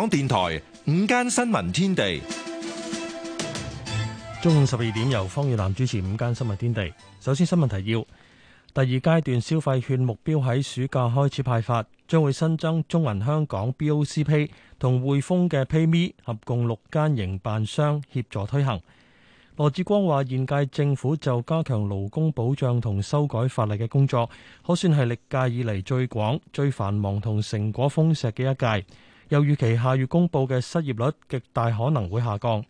香港電台五間新聞天地，中午十二點，由方月南主持《五間新聞天地》天地。首先，新聞提要：第二階段消費券目標喺暑假開始派發，將會新增中銀香港、BoC Pay 同匯豐嘅 PayMe 合共六間營辦商協助推行。羅致光話：現屆政府就加強勞工保障同修改法例嘅工作，可算係歷屆以嚟最廣、最繁忙同成果豐碩嘅一屆。又預期下月公佈嘅失業率極大可能會下降。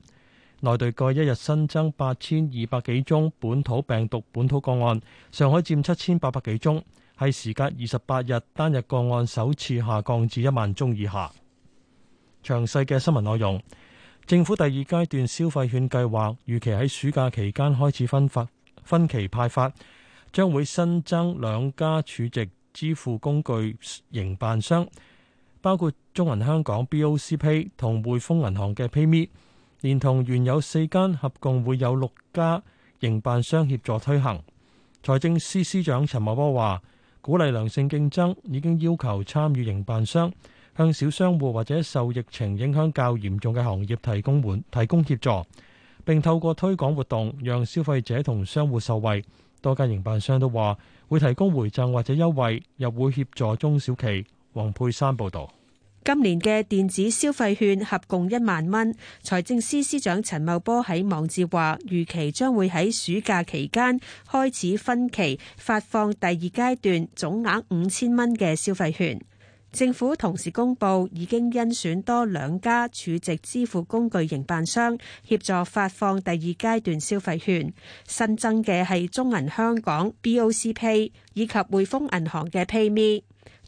內地過一日新增八千二百幾宗本土病毒本土個案，上海佔七千八百幾宗，係時隔二十八日單日個案首次下降至一萬宗以下。詳細嘅新聞內容，政府第二階段消費券計劃預期喺暑假期間開始分發，分期派發，將會新增兩家儲值支付工具營辦商。包括中銀香港、BoC Pay 同匯豐銀行嘅 PayMe，連同原有四間合共會有六家營辦商協助推行。財政司司長陳茂波話，鼓勵良性競爭已經要求參與營辦商向小商戶或者受疫情影響較嚴重嘅行業提供援提供協助，並透過推廣活動讓消費者同商戶受惠。多家營辦商都話會提供回贈或者優惠，又會協助中小企。黃佩珊報道，今年嘅電子消費券合共一萬蚊。財政司司長陳茂波喺網誌話，預期將會喺暑假期間開始分期發放第二階段總額五千蚊嘅消費券。政府同時公布，已經甄選多兩家儲值支付工具營辦商協助發放第二階段消費券。新增嘅係中銀香港 BoC Pay 以及匯豐銀行嘅 PayMe。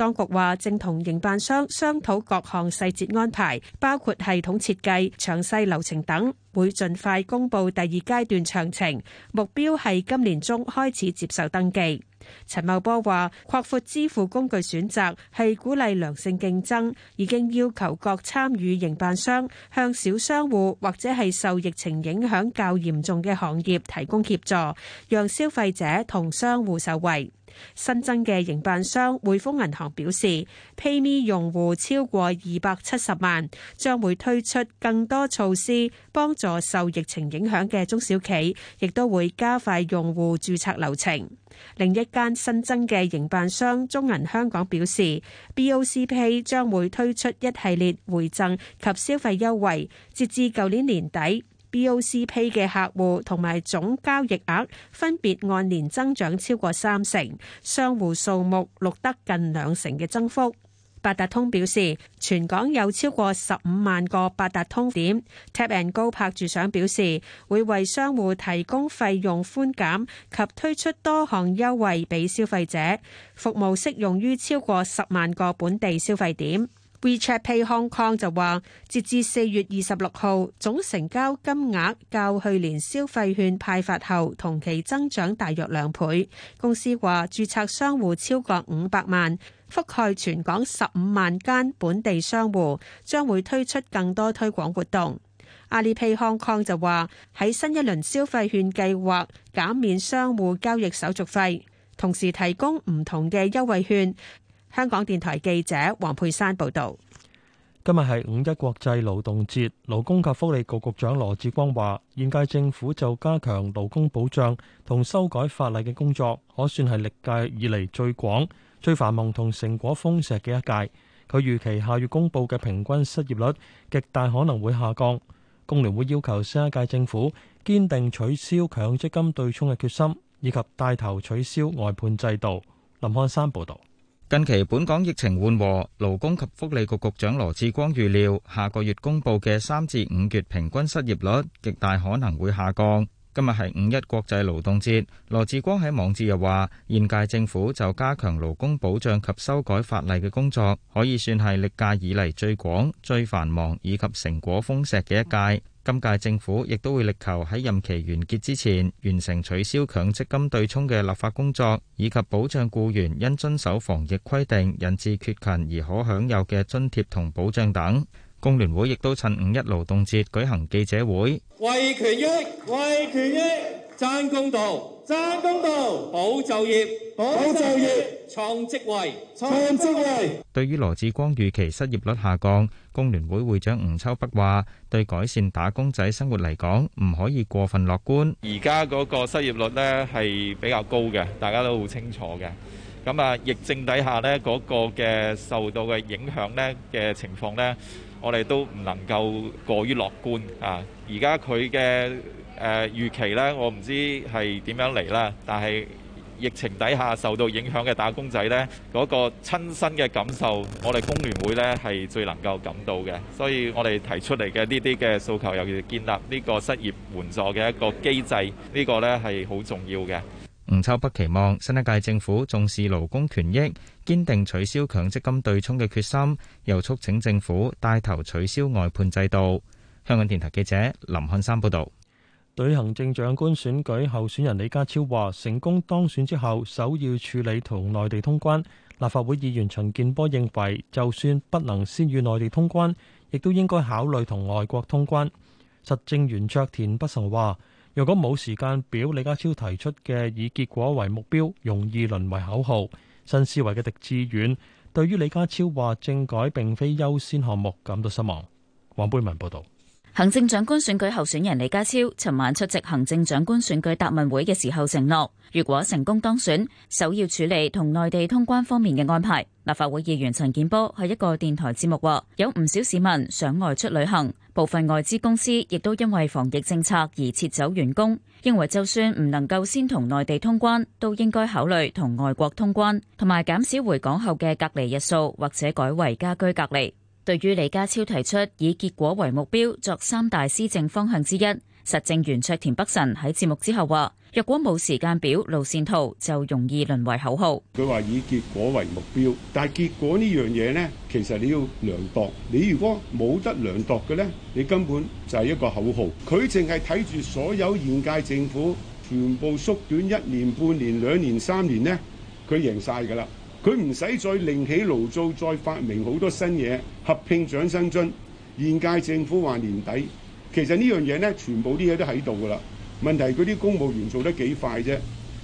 當局話正同營辦商商討各項細節安排，包括系統設計、詳細流程等，會盡快公布第二階段詳情。目標係今年中開始接受登記。陳茂波話，擴闊支付工具選擇係鼓勵良性競爭，已經要求各參與營辦商向小商戶或者係受疫情影響較嚴重嘅行業提供協助，讓消費者同商戶受惠。新增嘅營辦商匯豐銀行表示，PayMe 用戶超過二百七十萬，將會推出更多措施幫助受疫情影響嘅中小企，亦都會加快用戶註冊流程。另一間新增嘅營辦商中銀香港表示，BOCP 將會推出一系列回贈及消費優惠，截至舊年年底。BOC Pay 嘅客戶同埋總交易額分別按年增長超過三成，商戶數目錄得近兩成嘅增幅。八達通表示，全港有超過十五萬個八達通點。Tap and Go 拍住賞表示，會為商戶提供費用寬減及推出多項優惠俾消費者，服務適用於超過十萬個本地消費點。WeChat Pay Hong Kong 就話，截至四月二十六號，總成交金額較去年消費券派發後同期增長大約兩倍。公司話注冊商戶超過五百萬，覆蓋全港十五萬間本地商戶，將會推出更多推廣活動。阿里 Pay Hong Kong 就話，喺新一輪消費券計劃減免商戶交易手續費，同時提供唔同嘅優惠券。香港電台記者黃佩珊報道：今日係五一國際勞動節，勞工及福利局局長羅致光話，現屆政府就加強勞工保障同修改法例嘅工作，可算係歷屆以嚟最廣、最繁忙同成果豐碩嘅一屆。佢預期下月公布嘅平均失業率極大可能會下降。工聯會要求新一屆政府堅定取消強積金對沖嘅決心，以及帶頭取消外判制度。林漢山報道。近期本港疫情緩和，勞工及福利局局長羅志光預料，下個月公布嘅三至五月平均失業率，極大可能會下降。今日係五一國際勞動節，羅志光喺網誌又話，現屆政府就加強勞工保障、及修改法例嘅工作，可以算係歷屆以嚟最廣、最繁忙，以及成果豐碩嘅一屆。今屆政府亦都會力求喺任期完結之前完成取消強積金對沖嘅立法工作，以及保障僱員因遵守防疫規定引致缺勤而可享有嘅津貼同保障等。工聯會亦都趁五一勞動節舉行記者會，為權益，為權益，爭公道。增工務，保就業，保就業，創職位，創職位。對於羅志光預期失業率下降，工聯會會長吳秋北話：對改善打工仔生活嚟講，唔可以過分樂觀。而家嗰個失業率咧係比較高嘅，大家都好清楚嘅。咁啊，疫症底下咧嗰個嘅受到嘅影響咧嘅情況咧，我哋都唔能夠過於樂觀啊。而家佢嘅誒預期咧，我唔知係點樣嚟啦。但係疫情底下受到影響嘅打工仔咧，嗰個親身嘅感受，我哋工聯會咧係最能夠感到嘅。所以我哋提出嚟嘅呢啲嘅訴求，尤其是建立呢個失業援助嘅一個機制，呢個咧係好重要嘅。吳秋北期望新一屆政府重視勞工權益，堅定取消強積金對沖嘅決心，又促請政府帶頭取消外判制度。香港電台記者林漢山報導。對行政長官選舉候選人李家超話，成功當選之後首要處理同內地通關。立法會議員陳健波認為，就算不能先與內地通關，亦都應該考慮同外國通關。實政圓桌田北辰話，若果冇時間表，李家超提出嘅以結果為目標，容易淪為口號。新思維嘅狄志遠對於李家超話政改並非優先項目感到失望。黃貝文報道。行政長官選舉候選人李家超,尋晚出席行政長官選舉答問會嘅時候承諾，如果成功當選,首要處理同內地通關方面嘅安排。立法會議員陳建波喺一個電台節目話,有唔少市民想外出旅行，部分外資公司亦都因為防疫政策而撤走員工，認為就算唔能夠先同內地通關,都應該考慮同外國通關,同埋減少回港後嘅隔離日數,或者改為家居隔離。對於李家超提出以結果為目標作三大施政方向之一，實政圓桌田北辰喺節目之後話：若果冇時間表、路線圖，就容易淪為口號。佢話以結果為目標，但係結果呢樣嘢呢，其實你要量度。你如果冇得量度嘅呢，你根本就係一個口號。佢淨係睇住所有現屆政府全部縮短一年、半年、兩年、三年呢，佢贏晒㗎啦。佢唔使再另起爐灶，再發明好多新嘢，合併掌生津。現屆政府話年底，其實呢樣嘢呢，全部啲嘢都喺度噶啦。問題係佢啲公務員做得幾快啫？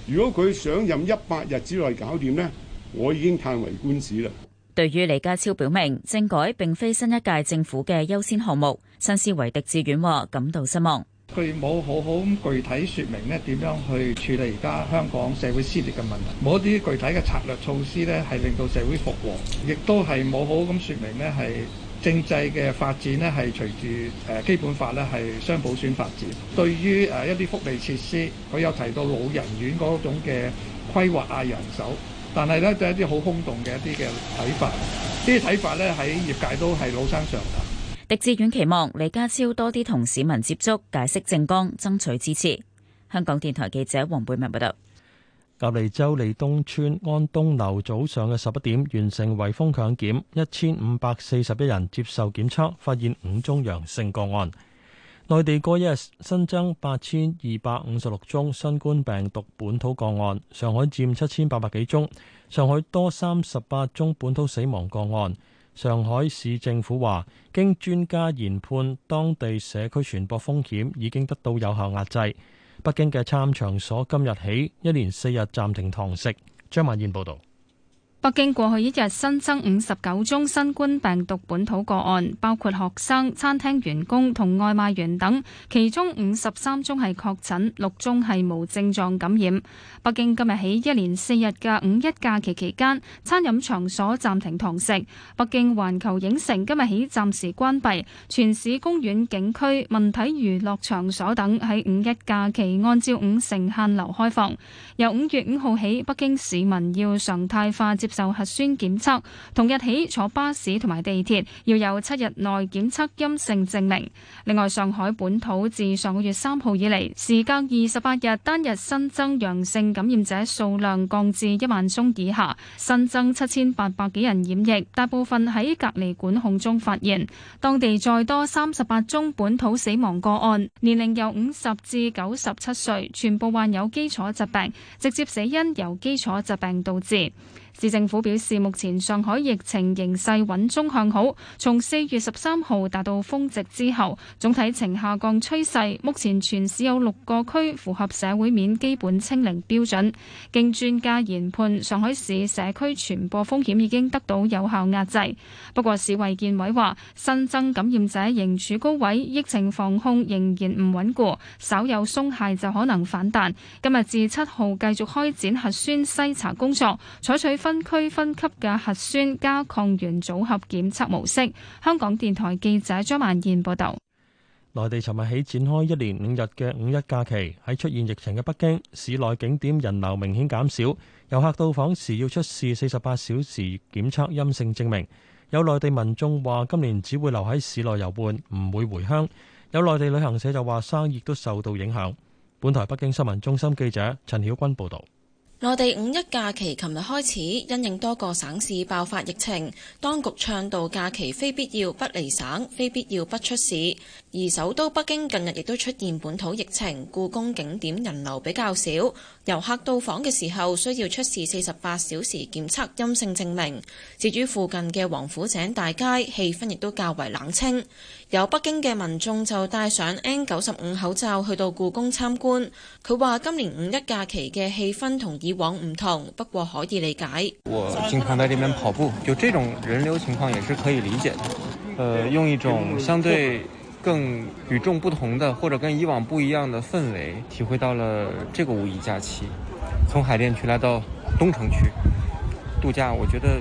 如果佢上任一百日之內搞掂呢，我已經歎為觀止啦。對於李家超表明政改並非新一屆政府嘅優先項目，新思維狄志遠話感到失望。佢冇好好咁具體説明咧點樣去處理而家香港社會撕裂嘅問題，冇一啲具體嘅策略措施咧，係令到社會復和，亦都係冇好咁説明咧係政制嘅發展咧係隨住誒基本法咧係雙普選發展。對於誒一啲福利設施，佢有提到老人院嗰種嘅規劃啊、人手，但係咧就係一啲好空洞嘅一啲嘅睇法，呢啲睇法咧喺業界都係老生常談。狄志遠期望李家超多啲同市民接觸，解釋政綱，爭取支持。香港電台記者黃貝文報道。隔離州利東村安東樓早上嘅十一點完成圍封強檢，一千五百四十一人接受檢測，發現五宗陽性個案。內地過一日新增八千二百五十六宗新冠病毒本土個案，上海佔七千八百幾宗，上海多三十八宗本土死亡個案。上海市政府話，經專家研判，當地社區傳播風險已經得到有效壓制。北京嘅餐場所今日起一連四日暫停堂食。張曼燕報道。北京過去一日新增五十九宗新冠病毒本土個案，包括學生、餐廳員工同外賣員等，其中五十三宗係確診，六宗係無症狀感染。北京今日起一連四日嘅五一假期期間，餐飲場所暫停堂食。北京環球影城今日起暫時關閉，全市公園、景區、文體娛樂場所等喺五一假期按照五成限流開放。由五月五號起，北京市民要常態化接就核酸檢測，同日起坐巴士同埋地鐵要有七日內檢測陰性證明。另外，上海本土自上個月三號以嚟，時隔二十八日，單日新增陽性感染者數量降至一萬宗以下，新增七千八百幾人染疫，大部分喺隔離管控中發現。當地再多三十八宗本土死亡個案，年齡由五十至九十七歲，全部患有基礎疾病，直接死因由基礎疾病導致。市政府表示，目前上海疫情形勢穩中向好，從四月十三號達到峰值之後，總體呈下降趨勢，目前全市有六個區符合社會面基本清零標準，經專家研判，上海市社區傳播風險已經得到有效壓制。不過市衛健委話新增感染者仍處高位，疫情防控仍然唔穩固，稍有鬆懈就可能反彈，今日至七號繼續開展核酸篩查工作，採取。分區分級嘅核酸加抗原組合檢測模式。香港電台記者張萬燕報導。內地尋日起展開一年五日嘅五一假期，喺出現疫情嘅北京市內景點人流明顯減少，遊客到訪時要出示四十八小時檢測陰性證明。有內地民眾話：今年只會留喺市內遊玩，唔會回鄉。有內地旅行社就話生意都受到影響。本台北京新聞中心記者陳曉君報導。我哋五一假期，琴日開始，因應多個省市爆發疫情，當局倡導假期非必要不離省，非必要不出市。而首都北京近日亦都出現本土疫情，故宮景點人流比較少，遊客到訪嘅時候需要出示四十八小時檢測陰性證明。至於附近嘅王府井大街，氣氛亦都較為冷清。有北京嘅民眾就戴上 N 九十五口罩去到故宮參觀。佢話今年五一假期嘅氣氛同以往不同，不過可以理解。我經常在這邊跑步，就這種人流情況也是可以理解的。呃，用一種相對更與眾不同的或者跟以往不一樣的氛圍，體會到了這個五一假期。從海淀區來到東城區度假，我覺得。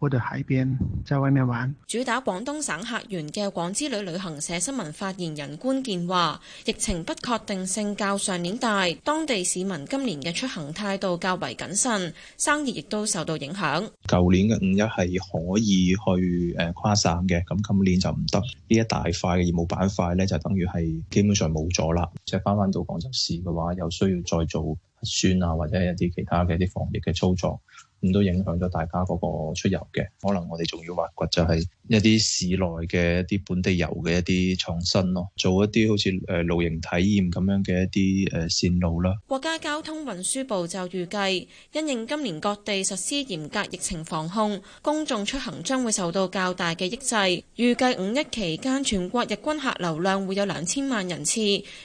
嗰度喺邊？即玩？主打廣東省客源嘅廣之旅旅行社新聞發言人官健話，疫情不確定性較上年大，當地市民今年嘅出行態度較為謹慎，生意亦都受到影響。舊年嘅五一係可以去誒跨省嘅，咁今年就唔得。呢一大塊嘅業務板塊咧，就等於係基本上冇咗啦。即係翻翻到廣州市嘅話，又需要再做核酸啊，或者一啲其他嘅一啲防疫嘅操作。咁都影響咗大家嗰個出遊嘅，可能我哋仲要挖掘就係一啲市內嘅一啲本地遊嘅一啲創新咯，做一啲好似誒露營體驗咁樣嘅一啲誒線路啦。國家交通運輸部就預計，因應今年各地實施嚴格疫情防控，公眾出行將會受到較大嘅抑制。預計五一期間全國日均客流量會有兩千萬人次，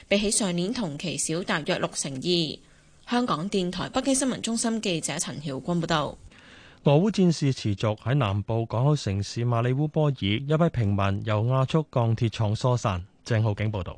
比起上年同期少大約六成二。香港電台北京新聞中心記者陳曉君報道：俄烏戰事持續，喺南部港口城市馬里烏波爾，一批平民由亞速鋼鐵廠疏散。鄭浩景報道。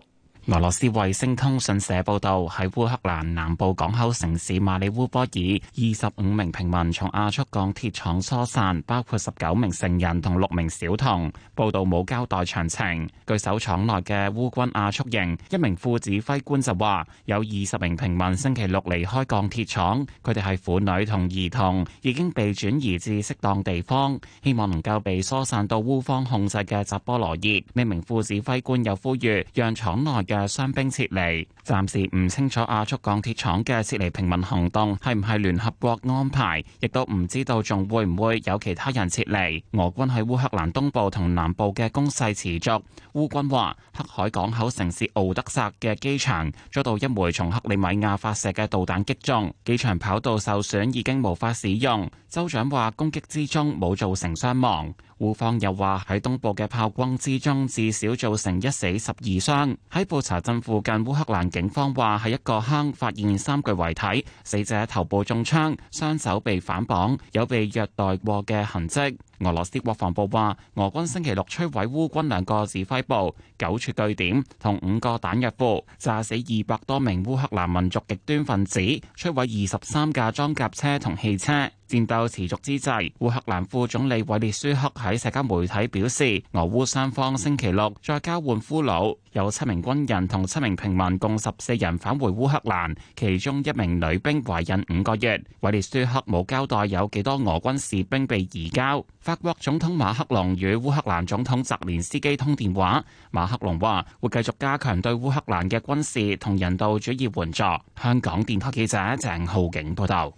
俄羅斯衛星通訊社報道，喺烏克蘭南部港口城市馬里烏波爾，二十五名平民從亞速鋼鐵廠疏散，包括十九名成人同六名小童。報道冇交代詳情。據守廠內嘅烏軍亞速營一名副指揮官就話，有二十名平民星期六離開鋼鐵廠，佢哋係婦女同兒童，已經被轉移至適當地方，希望能夠被疏散到烏方控制嘅扎波羅熱。呢名副指揮官又呼籲，讓廠內嘅傷兵撤離。暫時唔清楚亞速鋼鐵廠嘅撤離平民行動係唔係聯合國安排，亦都唔知道仲會唔會有其他人撤離。俄軍喺烏克蘭東部同南部嘅攻勢持續。烏軍話黑海港口城市敖德薩嘅機場遭到一枚從克里米亞發射嘅導彈擊中，機場跑道受損已經無法使用。州長話攻擊之中冇造成傷亡。烏方又話喺東部嘅炮轟之中至少造成一死十二傷。喺布查鎮附近，烏克蘭警方話喺一個坑發現三具遺體，死者頭部中槍，雙手被反綁，有被虐待過嘅痕迹。俄羅斯國防部話，俄軍星期六摧毀烏，烏軍兩個指揮部、九處據點同五個彈藥庫，炸死二百多名烏克蘭民族極端分子，摧毀二十三架裝甲車同汽車。戰鬥持續之際，烏克蘭副總理韋列舒克喺社交媒體表示，俄烏三方星期六再交換俘虜，有七名軍人同七名平民共十四人返回烏克蘭，其中一名女兵懷孕五個月。韋列舒克冇交代有幾多俄軍士兵被移交。法國總統馬克龍與烏克蘭總統澤連斯基通電話，馬克龍話會繼續加強對烏克蘭嘅軍事同人道主義援助。香港電台記者鄭浩景報道。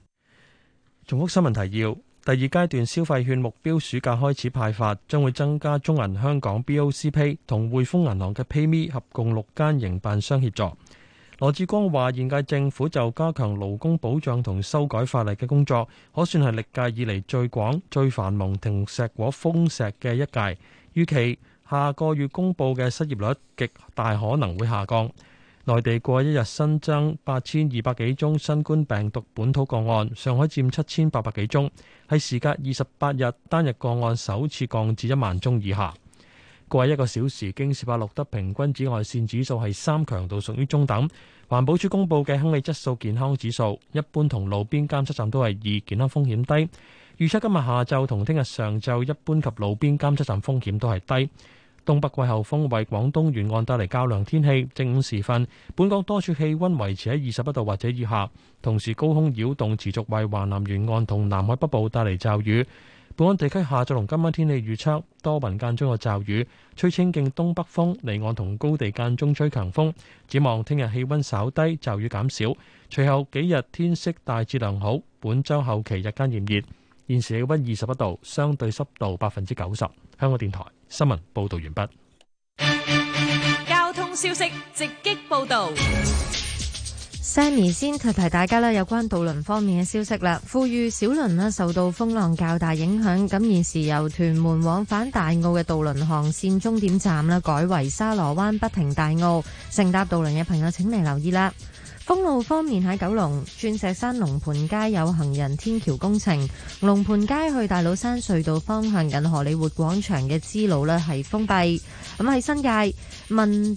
重複新聞提要：第二階段消費券目標暑假開始派發，將會增加中銀香港、BOC Pay 同匯豐銀行嘅 PayMe 合共六間營辦商協助。羅致光話，現屆政府就加強勞工保障同修改法例嘅工作，可算係歷屆以嚟最廣、最繁忙、停石果封石嘅一屆。預期下個月公布嘅失業率極大可能會下降。內地過一日新增八千二百幾宗新冠病毒本土個案，上海佔七千八百幾宗，喺時隔二十八日單日個案首次降至一萬宗以下。過去一個小時，京士柏錄得平均紫外線指數係三，強度屬於中等。環保署公布嘅空氣質素健康指數，一般同路邊監測站都係二，健康風險低。預測今日下晝同聽日上晝，一般及路邊監測站風險都係低。東北季候風為廣東沿岸帶嚟較涼天氣，正午時分，本港多處氣溫維持喺二十一度或者以下，同時高空擾動持續為華南沿岸同南海北部帶嚟驟雨。本港地區下晝同今晚天氣預測，多雲間中有驟雨，吹清勁東北風，離岸同高地間中吹強風。展望聽日氣溫稍低，驟雨減少，隨後幾日天色大致良好。本周後期日間炎熱，現時氣溫二十一度，相對濕度百分之九十。香港電台新聞報道完畢。交通消息直擊報道。Sammy 先提提大家啦，有關渡輪方面嘅消息啦。富裕小輪受到風浪較大影響，咁現時由屯門往返大澳嘅渡輪航線終點站改為沙螺灣不停大澳。乘搭渡輪嘅朋友，請你留意啦。封路方面，喺九龍鑽石山龍盤街有行人天橋工程，龍盤街去大老山隧道方向近荷里活廣場嘅支路咧係封閉。咁喺新界問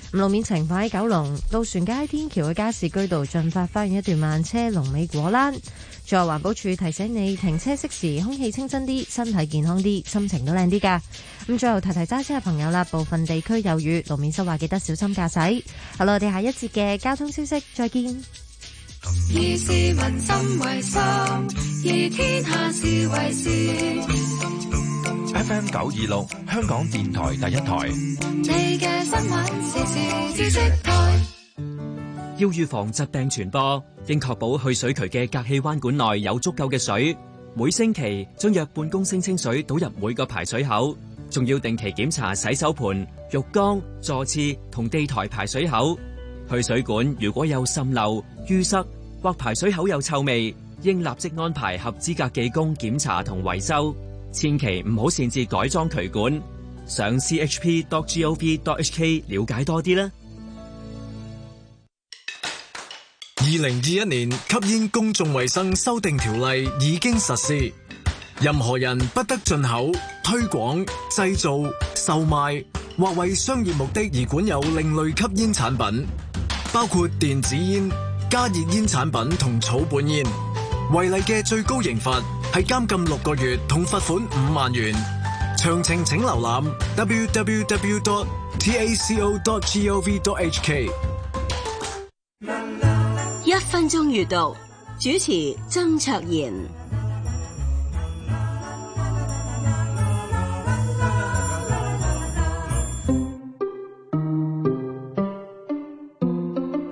路面情況，喺九龍渡船街天橋嘅加士居道進發發現一段慢車龍尾果欄。最後環保署提醒你停車熄匙，空氣清新啲，身體健康啲，心情都靚啲㗎。咁最後提提揸車嘅朋友啦，部分地區有雨，路面濕滑，記得小心駕駛。好啦，我哋下一節嘅交通消息再見。以 FM 九二六，香港電台第一台。要預防疾病傳播，應確保去水渠嘅隔氣彎管內有足夠嘅水。每星期將約半公升清水倒入每個排水口，仲要定期檢查洗手盆、浴缸、坐廁同地台排水口。去水管如果有滲漏、淤塞或排水口有臭味，應立即安排合資格技工檢查同維修。千祈唔好擅自改裝渠管，上 chp.gov.hk 了解多啲啦。二零二一年吸煙公眾衛生修訂條例已經實施，任何人不得進口、推廣、製造、售賣或為商業目的而管有另類吸煙產品，包括電子煙、加熱煙產品同草本煙。違例嘅最高刑罰係監禁六個月，同罰款五萬元。詳情請瀏覽 www.dot.ta.co.dot.gov.dot.hk。Www. 一分鐘閱讀，主持曾卓賢。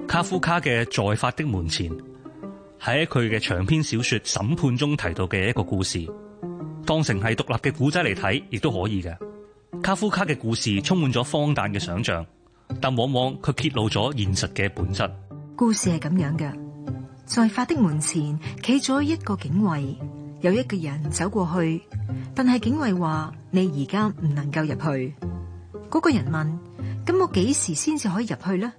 卡夫卡嘅《在法的門前》。喺佢嘅長篇小說《審判》中提到嘅一個故事，當成係獨立嘅古仔嚟睇，亦都可以嘅。卡夫卡嘅故事充滿咗荒誕嘅想象，但往往佢揭露咗現實嘅本質。故事係咁樣嘅，在法的門前企咗一個警衛，有一個人走過去，但係警衛話：你而家唔能夠入去。嗰個人問：咁我幾時先至可以入去呢？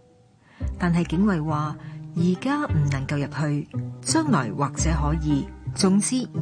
但係警衛話：而家唔能夠入去。將來或者可以，總之。